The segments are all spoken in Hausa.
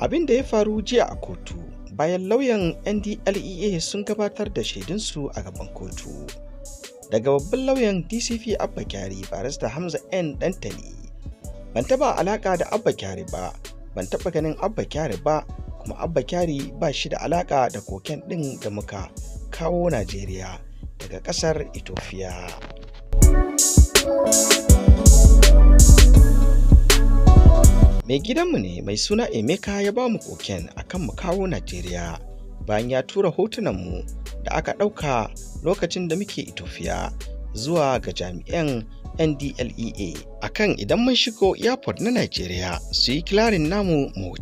abin da ya faru jiya a kotu bayan lauyan ndlea sun gabatar da shaidunsu a gaban kotu daga babban lauyan dcp abba kyari barista hamza n dantali ban taba alaka da abba kyari ba ban taba ganin abba kyari ba kuma abba kyari ba shi da alaka da koken din da muka kawo najeriya daga kasar ethiopia mai gidanmu ne mai suna emeka ya ba mu koken akan mu kawo najeriya bayan ya tura hotunanmu da aka ɗauka lokacin da muke ethiopia zuwa ga jami'an ndlea akan idan mun shigo airport na najeriya su yi kilarin namu mu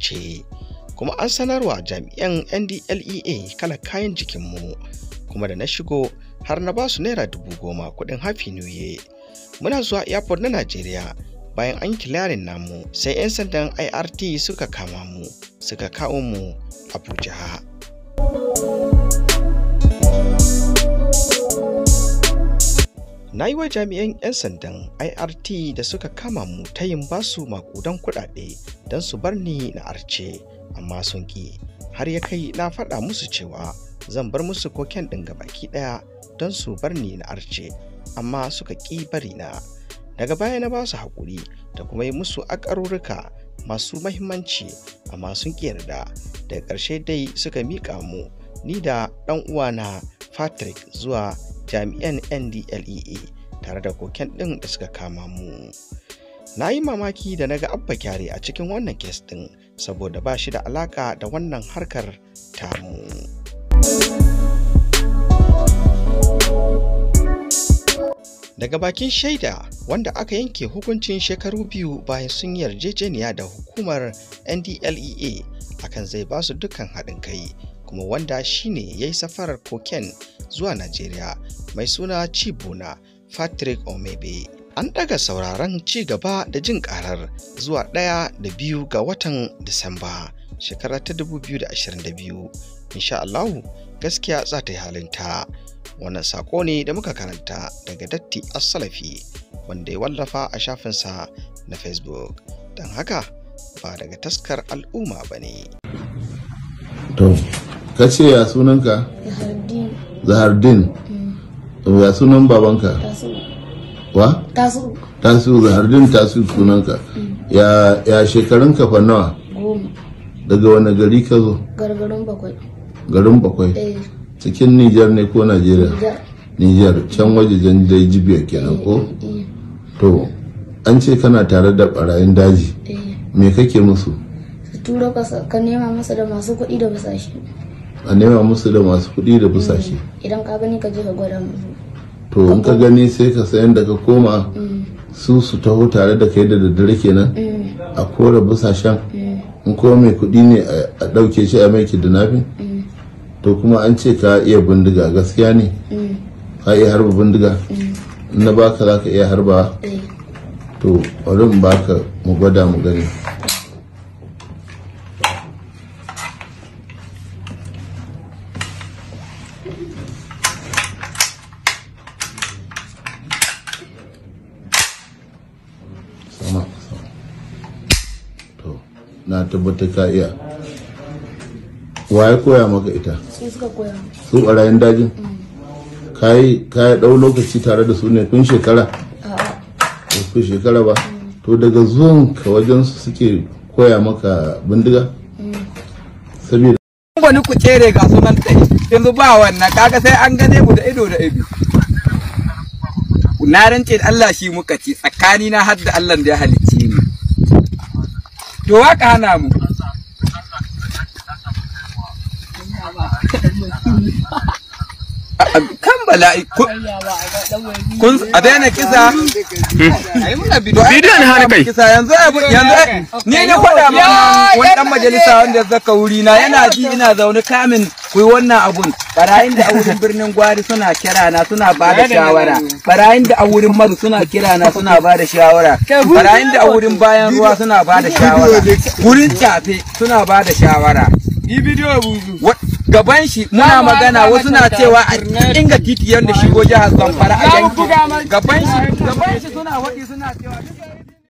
kuma an sanarwa jami'an ndlea kala kayan jikinmu kuma da na shigo har na basu naira dubu goma kudin hafi new year muna zuwa airport na najeriya bayan an kilarin namu sai 'yan sandan irt suka kama mu suka kawo mu abuja na yi wa jami'an 'yan sandan irt da suka kama mu ta yin basu makudan kudade don su bar ni na arce amma sun ƙi har ya kai na faɗa musu cewa zan bar musu koken ɗin gabaki ɗaya don su bar ni na arce amma suka ƙi bari na daga baya na basu su haƙuri da kuma yi musu akarurruka masu mahimmanci amma sun yarda da ƙarshe dai suka miƙa mu ni da ɗan uwana patrick zuwa jami'an ndlea tare da koken ɗin da suka kama mu na yi mamaki da naga ga abba kyare a cikin wannan kes ɗin saboda ba shi da alaƙa da wannan harkar tamu. daga bakin shaida wanda aka yanke hukuncin shekaru biyu bayan sun yarjejeniya da hukumar ndlea akan zai basu su dukkan haɗin kai kuma wanda shine ya yi safarar koken zuwa najeriya mai suna cibuna patrick omebe an ɗaga sauraron ci gaba da jin ƙarar zuwa ɗaya da biyu ga watan disamba shekara ta 2022 insha allahu gaskiya za ta yi halinta wannan sako ne da muka karanta daga datti asalafi wanda ya wallafa a shafinsa na facebook don haka ba daga taskar al'umma ba ne to ka ce ya sunanka zahardin ya sunan babanka wa tasu tasu zahardin tasu sunanka mm. ya, ya shekarun kafa nawa daga wani gari ka zo garin bakwai garin bakwai eh. cikin nijar ne ko najeriya nijar can wajejen dai jibiya kenan ko eh. to an ce kana tare da barayin daji eh. me kake musu ka tura ka nema masa da masu kuɗi da busashe a nema musu da masu kuɗi da busashe mm. idan ka gani ka je ka gwada musu to in ka gani sai ka sayan da ka koma mm. su su taho tare da kai da daddare kenan mm. a kora busashen in kuma mai kuɗi ne a ɗauke shi a mai kidnapping to kuma an ce ka iya bindiga gaskiya ne eh. ka iya harba bindiga eh. na baka za ka iya harba eh. to bari mu baka mu gwada mu gani na tabbata ka iya wa ya koya maka ita su suka koya su dajin mm. kayi dau lokaci tare da su ne kun shekara kun shekara ba mm. to daga zuwan ka wajen su suke koya maka bindiga mm. saboda wani ku cere ga sunan tsaye yanzu ba wannan kaga sai an gane mu da ido da ido na rance da Allah shi muka ci tsakani na hadda Allah da ya halicce ni to waka hana mu kan bala'i kun a daina kisa bidiyon hana kai kisa yanzu ni na faɗa ma wani dan majalisa wanda ya zaka wuri na yana ji ina zaune kamin ku yi wannan abun barayin da a wurin birnin gwari suna kira na suna ba da shawara barayin da a wurin maru suna kira na suna ba da shawara barayin da a wurin bayan ruwa suna ba da shawara wurin tafe suna ba da shawara Ni bidiyo buzu. Gaban shi muna magana wasu na cewa a inga titi yanda shigo jihar Zamfara a yanki. Gaban shi gaban shi suna waɗi suna cewa